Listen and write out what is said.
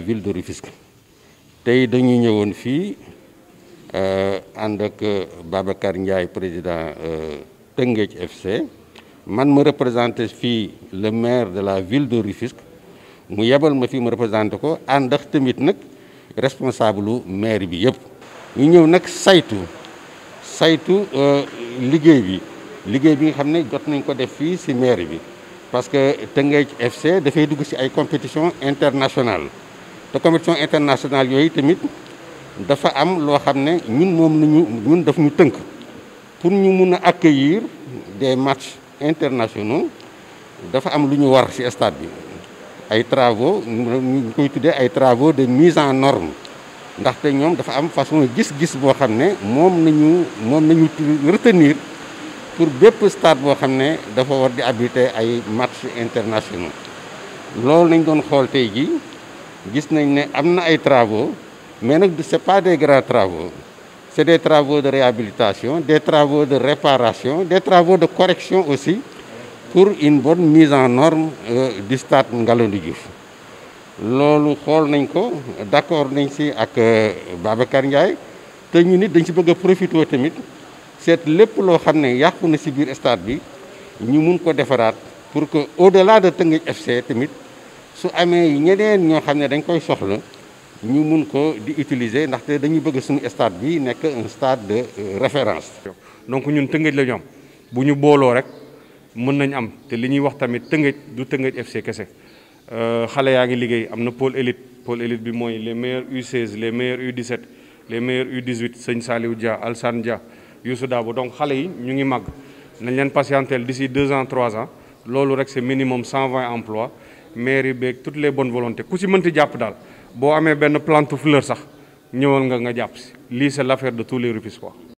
ville de Rufisque tey dañu ñëwoon fii euh, ànd ak euh, Babacar Ndiaye président euh, Tëngéej FC man ma représente fii le maire de la ville de Rufisque mu yebal ma fii ma représenté ko ànd ak tamit nag responsable maire bi yëpp ñu ñëw nag saytu saytu liggéey bi liggéey bi nga xam ne jot nañ ko def fii si maire bi parce que Tëngéej FC dafay dugg si ay compétition internationale te convention internationale yooyu tamit dafa am loo xam ne ñun moom nañu ñun daf ñu tënk pour ñu mun a accueillir des matchs internationaux dafa am lu ñu war ci stade bi ay travaux ñu koy tuddee ay travaux de mise en norme ndaxte ñoom dafa am façon gis-gis boo xam ne moom nañu moom nañu retenir pour bépp stade boo xam ne dafa war di abriter ay matchs internationaux loolu lañ doon xool tey gis nañ ne am na ay travaux mais nag c'est pas des grands travaux c'est des travaux de réhabilitation des travaux de réparation des travaux de correction aussi pour une bonne mise en norme euh, du stade Ngalandou Diouf loolu xool nañ ko d'accord nañ si ak euh, Babacar Ndiaye te ñu nit dañ ci bëgg a profité tamit seet lépp loo xam ne yàqu na ci biir stade bi ñu mun ko defaraat pour que au-delà de Teungueth FC tamit su amé ñeneen ñoo xamné dañ koy soxla ñu mun ko di utiliser ndaxte dañu bëgg suñu stade bi nek un stade de euh, référence. donc ñun Tëngéej la ñom am bu ñu booloo rek mën nañ am té li ñuy wax tamit Tëngéej du Tëngéej FC kese euh xalé ngi liggéey amna pôle élite pôle élite bi moy les meilleurs U16 les meilleurs U17 les meilleurs U18 Seigne Saliou Dia Alsane Dia Youssou Dabo donc xalé yi ñu ngi mag nañ leen patientel d'ici 2 ans 3 ans lolu rek c'est minimum 120 emplois mairie beeg toutes les bonnes volontés ku si mënti jàpp daal boo amee benn plante fleur sax ñëwal nga nga jàpp si lii c'est l'affaire de tous les Rufisquois